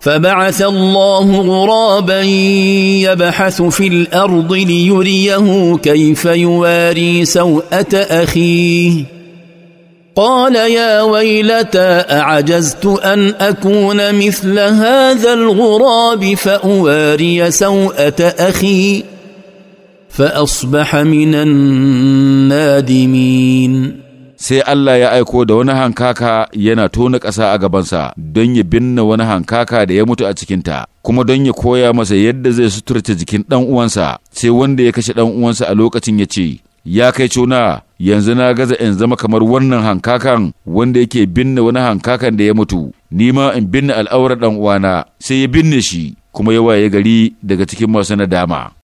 فبعث الله غرابا يبحث في الارض ليريه كيف يواري سوءه اخيه قال يا ويلتى اعجزت ان اكون مثل هذا الغراب فاواري سوءه اخي فاصبح من النادمين sai Allah ya aiko da wani hankaka yana tona ƙasa a gabansa don ya binne wani hankaka da ya mutu a cikinta, kuma don ya koya masa yadda zai suturta jikin ɗan uwansa, sai wanda ya kashe ɗan uwansa a lokacin ya ce, Ya kai cuna, yanzu na gaza in zama kamar wannan hankakan wanda yake binne wani hankakan da ya mutu, ni ma in binne al'aurar ɗan uwana, sai ya binne shi, kuma ya waye gari daga cikin masu nadama.